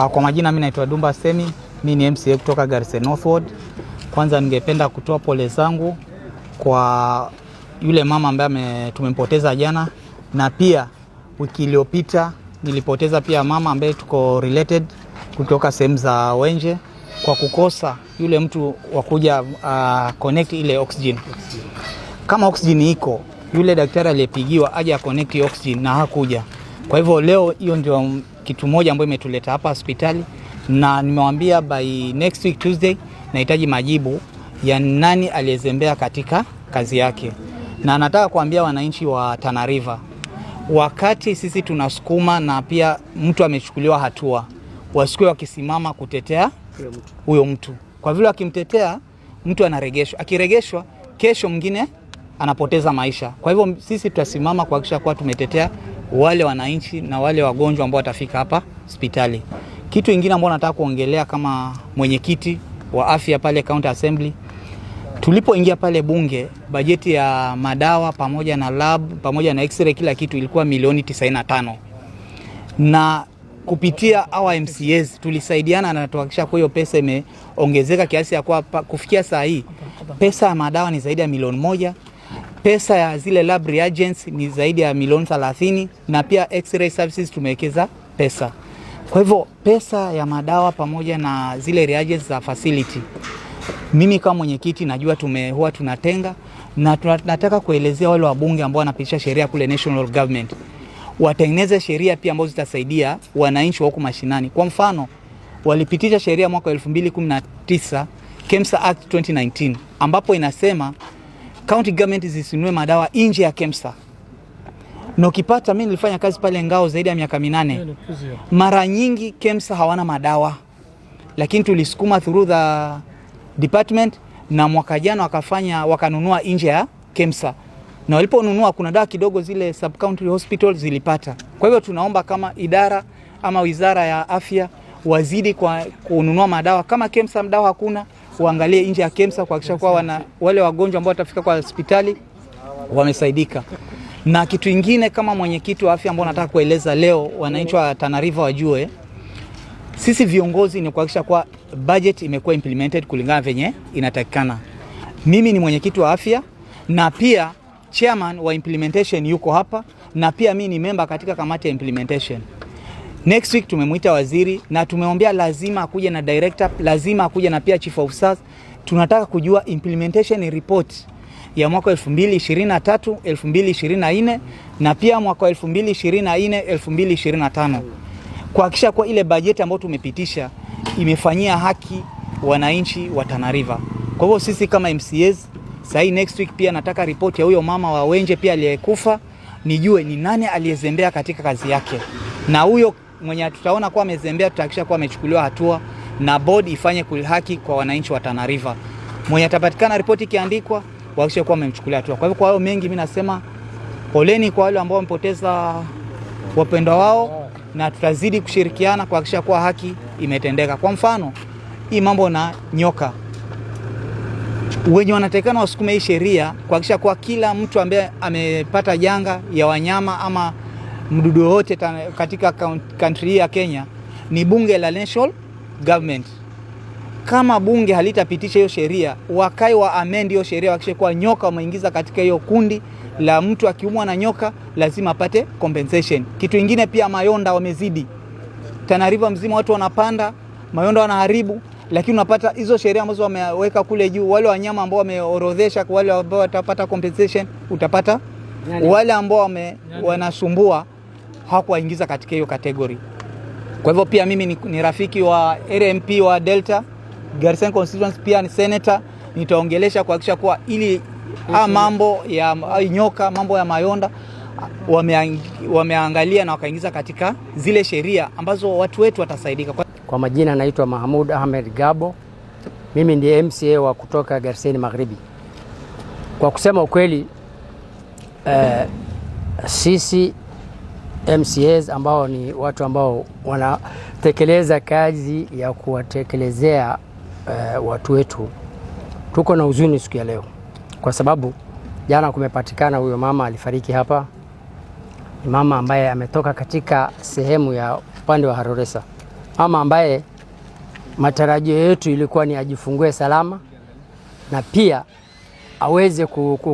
Ah, kwa majina mimi naitwa Dumba Semi, mimi ni MCA kutoka Garissa North Ward. Kwanza ningependa kutoa pole zangu kwa yule mama ambaye tumempoteza jana, na pia wiki iliyopita nilipoteza pia mama ambaye tuko related kutoka sehemu za Wenje kwa kukosa yule mtu wa kuja uh, connect ile oxygen. Kama oxygen iko, yule daktari aliyepigiwa aje connect oxygen na hakuja. Kwa hivyo leo hiyo ndio kitu moja ambayo imetuleta hapa hospitali, na nimewambia by next week Tuesday nahitaji majibu ya nani aliyezembea katika kazi yake, na nataka kuambia wananchi wa Tana River, wakati sisi tunasukuma na pia mtu amechukuliwa hatua, wasikue wakisimama kutetea huyo mtu, kwa vile akimtetea mtu anaregeshwa, akiregeshwa kesho mwingine anapoteza maisha. Kwa hivyo sisi tutasimama kuhakikisha kuwa tumetetea wale wananchi na wale wagonjwa ambao watafika hapa hospitali. Kitu kingine ambao nataka kuongelea kama mwenyekiti wa afya pale county assembly, tulipoingia pale bunge, bajeti ya madawa pamoja na lab pamoja na x-ray kila kitu ilikuwa milioni 95 na kupitia our MCAs tulisaidiana na tuhakikisha kwa hiyo pesa imeongezeka kiasi ya kwa kufikia saa hii pesa ya madawa ni zaidi ya milioni moja pesa ya zile lab reagents ni zaidi ya milioni 30, na pia x-ray services tumewekeza pesa. Kwa hivyo pesa ya madawa pamoja na zile reagents za facility, mimi kama mwenyekiti najua tume tunatenga na tunataka kuelezea wale wabunge ambao wanapitisha sheria kule national government watengeneze sheria pia ambazo zitasaidia wananchi wa huko mashinani. Kwa mfano, walipitisha sheria mwaka 2019 KEMSA Act 2019 ambapo inasema county government zisinunue madawa nje ya KEMSA na ukipata, mimi nilifanya kazi pale Ngao zaidi ya miaka minane. Mara nyingi KEMSA hawana madawa, lakini tulisukuma through the department, na mwaka jana wakafanya wakanunua nje ya KEMSA na waliponunua kuna dawa kidogo zile sub county hospital zilipata. Kwa hivyo tunaomba kama idara ama wizara ya afya wazidi kwa kununua madawa kama KEMSA madawa hakuna uangalie nje ya KEMSA kuhakikisha kuwa wana, wale wagonjwa ambao watafika kwa hospitali wamesaidika. Na kitu ingine kama mwenyekiti wa afya ambao nataka kueleza leo wananchi wa Tana River wajue, sisi viongozi ni kuhakikisha kuwa budget imekuwa implemented kulingana venye inatakikana. Mimi ni mwenyekiti wa afya na pia chairman wa implementation yuko hapa na pia mimi ni memba katika kamati ya implementation. Next week tumemwita waziri na tumeombea lazima akuje na director, lazima akuje na pia chief of staff. Tunataka kujua implementation report ya mwaka 2023 2024 na pia mwaka 2024 2025 kuhakikisha kuwa ile bajeti ambayo tumepitisha imefanyia haki wananchi wa Tana River. Kwa hivyo sisi kama MCAs sasa next week pia nataka ripoti ya huyo mama wa Wenje pia aliyekufa, nijue ni nani aliyezembea katika kazi yake na huyo mwenye tutaona kuwa amezembea tutahakikisha kuwa amechukuliwa hatua na bodi ifanye kulihaki kwa wananchi wa Tana River. Mwenye atapatikana ripoti ikiandikwa wahakikishe kuwa amemchukulia hatua. Kwa hivyo, kwa hayo mengi, mimi nasema poleni kwa wale ambao wamepoteza wapendwa wao, na tutazidi kushirikiana kuhakikisha kuwa haki imetendeka. Kwa mfano hii mambo na nyoka, wenye wanatakikana wasukume hii sheria kuhakikisha kuwa kila mtu ambaye amepata janga ya wanyama ama mdudu wowote katika country ya Kenya ni bunge la national government. Kama bunge halitapitisha hiyo sheria, wakae wa amend hiyo sheria, wakisha kuwa nyoka wameingiza katika hiyo kundi la mtu akiumwa na nyoka lazima apate compensation. Kitu ingine pia, mayonda wamezidi Tana River mzima, watu wanapanda mayonda wanaharibu, lakini unapata hizo sheria ambazo wameweka kule juu, wale wanyama ambao wameorodhesha, wale ambao watapata compensation utapata, wale ambao wame wanasumbua hawakuwaingiza katika hiyo kategori. Kwa hivyo pia mimi ni, ni rafiki wa rmp wa Delta Garsen constituency, pia ni senator. Nitaongelesha kuhakikisha kuwa ili haya mambo ya nyoka, mambo ya mayonda wameangalia na wakaingiza katika zile sheria ambazo watu wetu watasaidika. Kwa, kwa majina naitwa Mahmud Ahmed Gabo, mimi ndiye MCA wa kutoka Garseni Magharibi. Kwa kusema ukweli, eh, sisi MCAs ambao ni watu ambao wanatekeleza kazi ya kuwatekelezea uh, watu wetu. Tuko na huzuni siku ya leo kwa sababu jana kumepatikana huyo mama alifariki hapa. Ni mama ambaye ametoka katika sehemu ya upande wa Haroresa, mama ambaye matarajio yetu ilikuwa ni ajifungue salama na pia aweze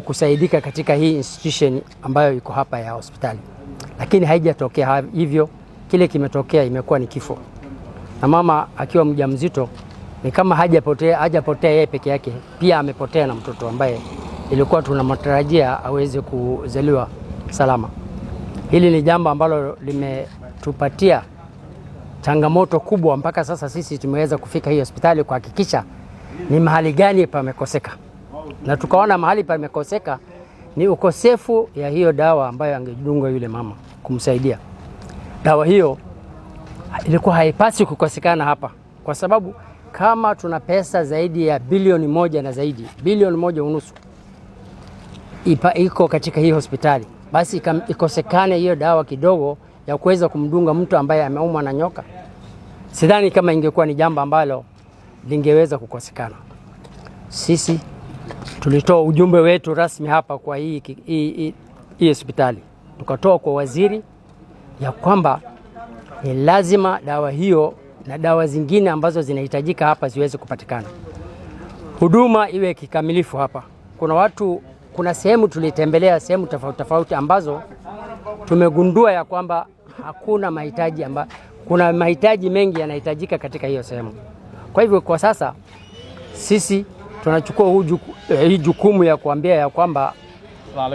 kusaidika katika hii institution ambayo iko hapa ya hospitali lakini haijatokea hivyo. Kile kimetokea imekuwa ni kifo, na mama akiwa mjamzito ni kama hajapotea, hajapotea yeye peke yake, pia amepotea na mtoto ambaye ilikuwa tunamtarajia aweze kuzaliwa salama. Hili ni jambo ambalo limetupatia changamoto kubwa. Mpaka sasa sisi tumeweza kufika hii hospitali kuhakikisha ni mahali gani pamekoseka, na tukaona mahali pamekoseka ni ukosefu ya hiyo dawa ambayo angedungwa yule mama kumsaidia. Dawa hiyo ilikuwa haipasi kukosekana hapa, kwa sababu kama tuna pesa zaidi ya bilioni moja na zaidi, bilioni moja unusu ipa iko katika hii hospitali, basi ikosekane hiyo dawa kidogo ya kuweza kumdunga mtu ambaye ameumwa na nyoka. Sidhani kama ingekuwa ni jambo ambalo lingeweza kukosekana. Sisi tulitoa ujumbe wetu rasmi hapa kwa hii hospitali, tukatoa kwa waziri ya kwamba ni lazima dawa hiyo na dawa zingine ambazo zinahitajika hapa ziweze kupatikana, huduma iwe kikamilifu hapa. Kuna watu, kuna sehemu tulitembelea, sehemu tofauti tofauti ambazo tumegundua ya kwamba hakuna mahitaji amba, kuna mahitaji mengi yanahitajika katika hiyo sehemu. Kwa hivyo kwa sasa sisi tunachukua eh, hii jukumu ya kuambia ya kwamba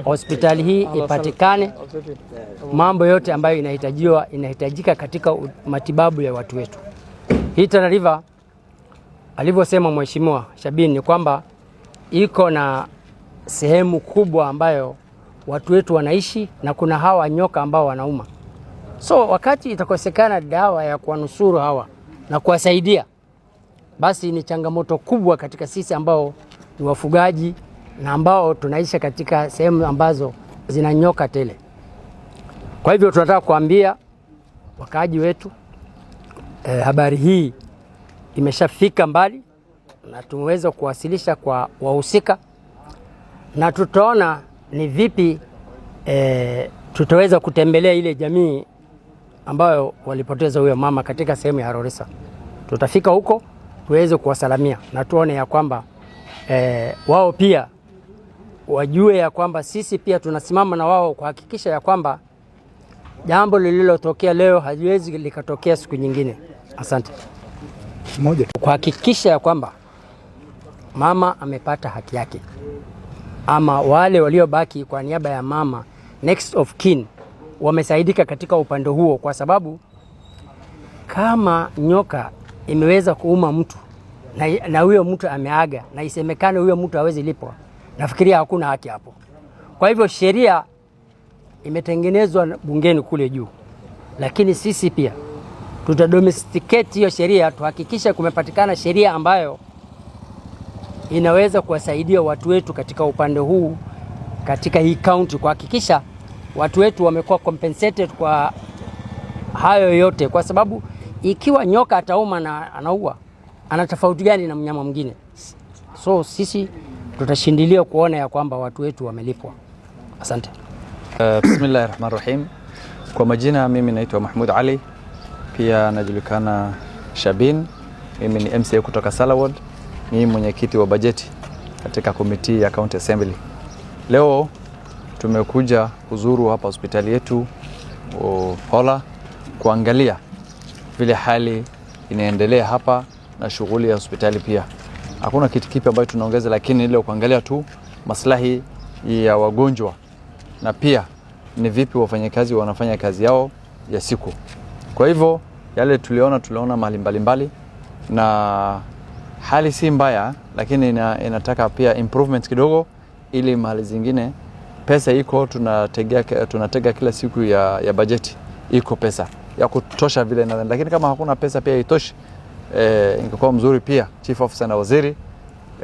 hospitali hii ipatikane mambo yote ambayo inahitajiwa inahitajika katika matibabu ya watu wetu. Hii Tana River alivyosema Mheshimiwa Shabini ni kwamba iko na sehemu kubwa ambayo watu wetu wanaishi na kuna hawa nyoka ambao wanauma. So wakati itakosekana dawa ya kuwanusuru hawa na kuwasaidia basi ni changamoto kubwa katika sisi ambao ni wafugaji na ambao tunaisha katika sehemu ambazo zina nyoka tele. Kwa hivyo tunataka kuambia wakaaji wetu e, habari hii imeshafika mbali na tumeweza kuwasilisha kwa wahusika na tutaona ni vipi e, tutaweza kutembelea ile jamii ambayo walipoteza huyo mama katika sehemu ya Harorisa. Tutafika huko tuweze kuwasalamia na tuone ya kwamba e, wao pia wajue ya kwamba sisi pia tunasimama na wao kuhakikisha ya kwamba jambo lililotokea leo haliwezi likatokea siku nyingine. Asante. Moja, kuhakikisha ya kwamba mama amepata haki yake, ama wale waliobaki kwa niaba ya mama next of kin wamesaidika katika upande huo, kwa sababu kama nyoka imeweza kuuma mtu na huyo mtu ameaga na isemekane huyo mtu hawezi lipwa, nafikiria hakuna haki hapo. Kwa hivyo sheria imetengenezwa bungeni kule juu, lakini sisi pia tutadomesticate hiyo sheria, tuhakikishe kumepatikana sheria ambayo inaweza kuwasaidia watu wetu katika upande huu, katika hii kaunti, kuhakikisha watu wetu wamekuwa compensated kwa hayo yote, kwa sababu ikiwa nyoka atauma na anaua, ana tofauti gani na mnyama mwingine? So sisi tutashindilia kuona ya kwamba watu wetu wamelipwa. Asante. Uh, bismillahi rahmani rahim. Kwa majina mimi naitwa Mahmud Ali, pia najulikana Shabin. Mimi ni MCA kutoka Salawad, ni mwenyekiti wa bajeti katika komiti ya County Assembly. Leo tumekuja kuzuru hapa hospitali yetu Hola kuangalia vile hali inaendelea hapa na shughuli ya hospitali pia. Hakuna kitu kipi ambacho tunaongeza, lakini ile kuangalia tu maslahi ya wagonjwa na pia ni vipi wafanyakazi wanafanya kazi yao ya siku. Kwa hivyo yale tuliona, tuliona mahali mbalimbali na hali si mbaya, lakini ina, inataka pia improvement kidogo, ili mahali zingine pesa iko, tunatega tunatega kila siku ya, ya bajeti iko pesa ya kutosha vile nadhani, lakini kama hakuna pesa pia itoshi Eh, ingekuwa mzuri pia chief officer na waziri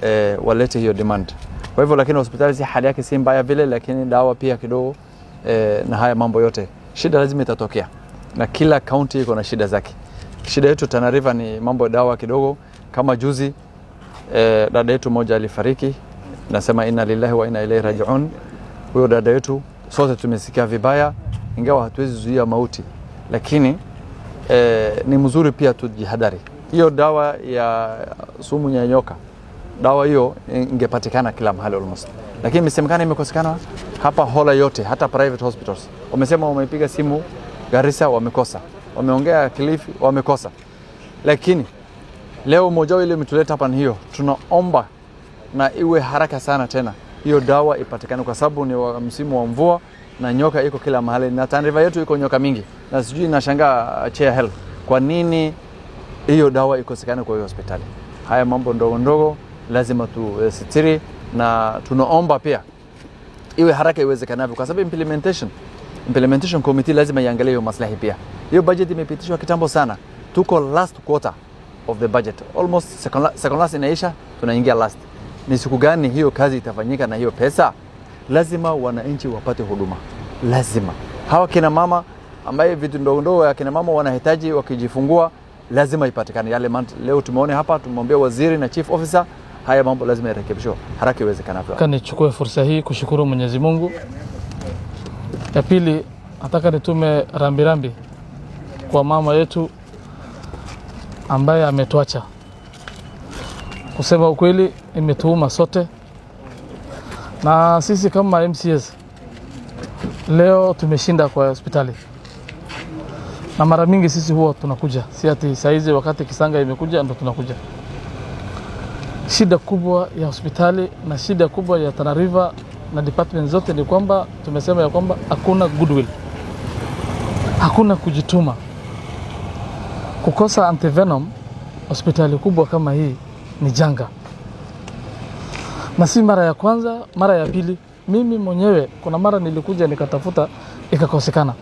eh, walete hiyo demand. Kwa hivyo, lakini hospitali si hali yake si mbaya vile, lakini dawa pia kidogo eh, na haya mambo yote, shida lazima itatokea, na kila kaunti iko na shida zake. Shida yetu Tana River ni mambo ya dawa kidogo. Kama juzi e, dada yetu moja alifariki, nasema inna lillahi wa inna ilaihi rajiun. Huyo dada yetu sote tumesikia vibaya, ingawa hatuwezi zuia mauti lakini e, ni mzuri pia tujihadhari. Hiyo dawa ya sumu ya nyoka, dawa hiyo ingepatikana kila mahali almost, lakini imesemekana imekosekana hapa hola yote, hata private hospitals. Wamesema wamepiga simu Garissa, wamekosa, wameongea Kilifi, wamekosa, lakini leo mmoja ile imetuleta hapa ni hiyo. Tunaomba na iwe haraka sana tena hiyo dawa ipatikane, kwa sababu ni wa msimu wa mvua na nyoka iko kila mahali, na Tana River yetu iko nyoka mingi, na sijui nashangaa uh, Chair Health kwa nini hiyo dawa ikosekana kwa hiyo hospitali. Haya mambo ndogo ndogo lazima tusitiri, uh, na tunaomba pia iwe haraka iwezekanavyo, kwa sababu implementation implementation committee lazima iangalie hiyo maslahi pia. Hiyo budget imepitishwa kitambo sana, tuko last quarter of the budget almost second, second last inaisha, tunaingia last. Ni siku gani hiyo kazi itafanyika na hiyo pesa? lazima wananchi wapate huduma, lazima hawa kina mama ambaye vitu ndogo ndogo ya kina mama wanahitaji wakijifungua, lazima ipatikane yale. Leo tumeona hapa, tumemwambia waziri na chief officer, haya mambo lazima yarekebishwe haraka iwezekanavyo. nichukue fursa hii kushukuru Mwenyezi Mungu. Ya pili, nataka nitume rambirambi kwa mama yetu ambaye ametuacha. Kusema ukweli, imetuuma sote na sisi kama MCS leo tumeshinda kwa hospitali, na mara mingi sisi huwa tunakuja, si ati saizi wakati Kisanga imekuja ndo tunakuja. Shida kubwa ya hospitali na shida kubwa ya Tana River na department zote ni kwamba tumesema ya kwamba hakuna goodwill, hakuna kujituma. Kukosa antivenom hospitali kubwa kama hii ni janga na si mara ya kwanza, mara ya pili. Mimi mwenyewe kuna mara nilikuja nikatafuta ikakosekana.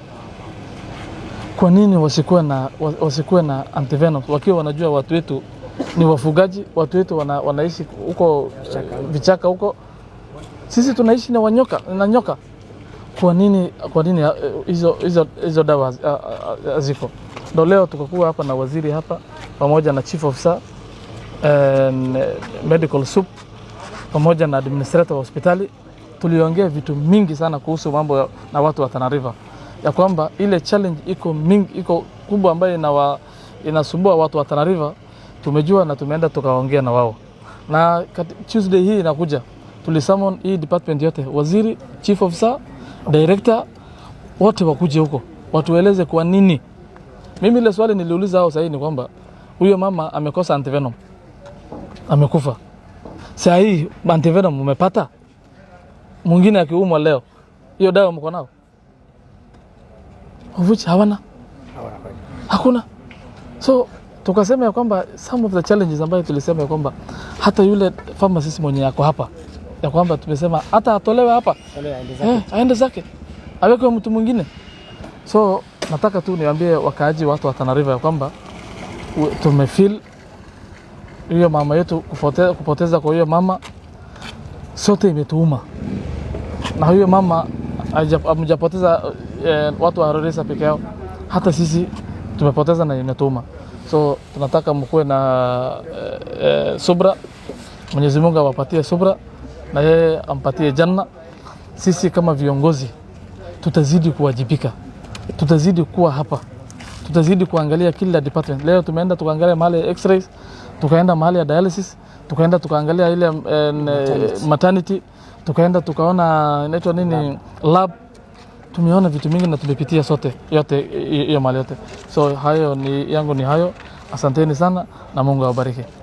Kwa nini wasikuwe na, wasikuwe na antivenom wakiwa wanajua watu wetu ni wafugaji, watu wetu wana, wanaishi huko vichaka huko, sisi tunaishi na wanyoka na nyoka. Kwa nini kwa nini eh, hizo hizo hizo dawa ziko? ndo leo tukakuwa hapa na waziri hapa pamoja na chief of sa, medical soup pamoja na administrator wa hospitali tuliongea vitu mingi sana kuhusu mambo na watu wa Tana River, ya kwamba ile challenge iko mingi, iko kubwa ambayo inawa, inasumbua watu wa Tana River. Tumejua na tumeenda tukaongea na wao, na Tuesday hii inakuja tulisummon hii department yote, waziri, chief officer, director wote wakuje huko watueleze kwa nini. Mimi ile swali niliuliza hao sahihi ni kwamba huyo mama amekosa antivenom, amekufa. Sasa hii antivenom umepata, mwingine akiumwa leo, hiyo dawa mko nao? Wavuchi hawana, hakuna. So tukasema ya kwamba some of the challenges ambayo tulisema ya kwamba hata yule pharmacist mwenye yako hapa ya kwamba tumesema hata atolewe hapa eh, aende zake awekwe mtu mwingine. So nataka tu niwaambie wakaaji, watu wa Tana River ya kwamba tumefeel hiyo mama yetu kupoteza, kupoteza kwa hiyo mama sote imetuuma, na huyo mama amejapoteza eh, watu wa Hargeisa peke yao, hata sisi tumepoteza na imetuuma. So tunataka mkuwe na eh, eh, subra. Mwenyezi Mungu awapatie subra na yeye ampatie janna. Sisi kama viongozi tutazidi kuwajibika, tutazidi kuwa hapa, tutazidi kuangalia kila department. Leo tumeenda tukaangalia mahali x-rays tukaenda mahali ya dialysis, tukaenda tukaangalia ile eh, maternity. tukaenda tukaona inaitwa nini lab tumeona vitu mingi na tumepitia sote yote hiyo mali yote. So hayo ni yangu ni hayo. Asanteni sana na Mungu awabariki.